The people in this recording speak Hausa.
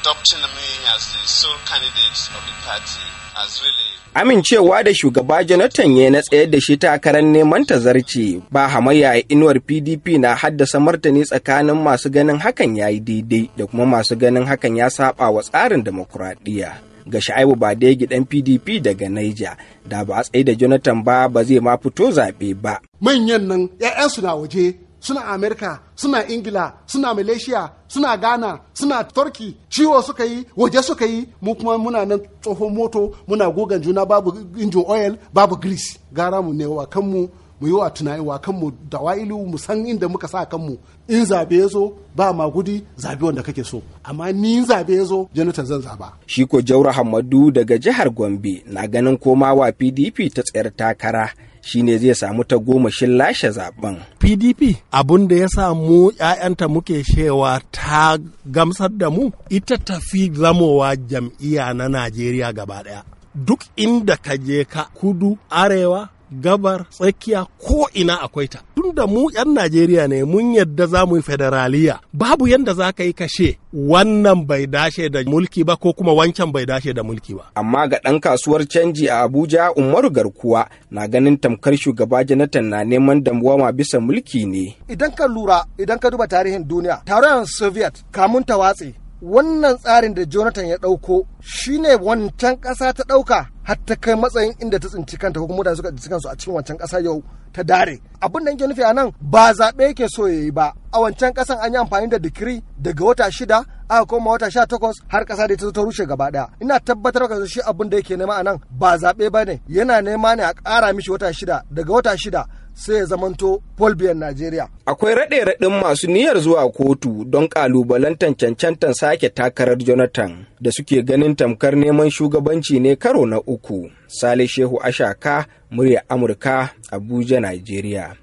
adopting me as the sole candidate of the party has really Amincewa da shugaba Jonathan ya na tsayar da shi takarar neman tazarci ba hamayya a inuwar PDP na haddasa martani tsakanin masu ganin hakan ya yi daidai da kuma masu ganin hakan ya saba wa tsarin demokuraɗiyya. ga sha'ibu ba da gidan pdp daga naija da ba a tsaye da jonathan ba ba zai ma fito zaɓe ba manyan nan 'ya'yansu na waje suna amerika suna ingila suna malaysia suna ghana suna turki ciwo suka yi waje suka yi mu kuma muna nan tsohon moto muna gogan juna babu injin oil babu gris. gara mu ne wa kanmu mu yi wa tunani wa kanmu da wa'ilu mu san inda muka sa kanmu in zabe ya zo ba ma gudi zabe wanda kake so amma ni in zabe ya zo janatan zan zaba shiko ko jaura hamadu daga jihar gombe na ganin komawa pdp ta tsayar takara shine zai samu ta goma gomashin lashe zaben. PDP abun da ya samu ‘ya'yanta muke shewa ta gamsar da mu ita tafi zamowa jam'iyya na Najeriya gaba ɗaya. Duk inda ka je ka kudu arewa gabar tsakiya ko ina akwai ta tunda mu 'yan najeriya ne mun yadda za mu yi federaliya babu yadda za ka yi kashe wannan bai dashe da mulki ba ko kuma wancan bai dashe da mulki ba amma ga ɗan kasuwar canji a abuja umaru garkuwa na ganin tamkar shugaba janatan na neman damuwa bisa mulki ne idan ka lura idan ka duba tarihin duniya tarayyar soviet kamun ta watse wannan tsarin da jonathan ya ɗauko shine wancan ƙasa ta ɗauka har ta kai matsayin inda ta tsinci kanta ko kuma da suka tsinci kansu a cikin wancan ƙasa yau ta dare abin da yake nufi a nan ba zaɓe yake so ya yi ba a wancan ƙasan an yi amfani da dikiri daga wata shida aka koma wata sha takwas har ƙasa da ta zo ta rushe gaba ɗaya ina tabbatar ka shi abin da yake nema a nan ba zaɓe ba ne yana nema ne a ƙara mishi wata shida daga wata shida sai ya zamanto folbiyar Najeriya. Akwai raɗe-raɗin masu niyyar zuwa kotu don ƙalubalantan cancantan sake takarar Jonathan da suke ganin tamkar neman shugabanci ne karo na uku. Sale Shehu Ashaka, murya Amurka, Abuja, Najeriya.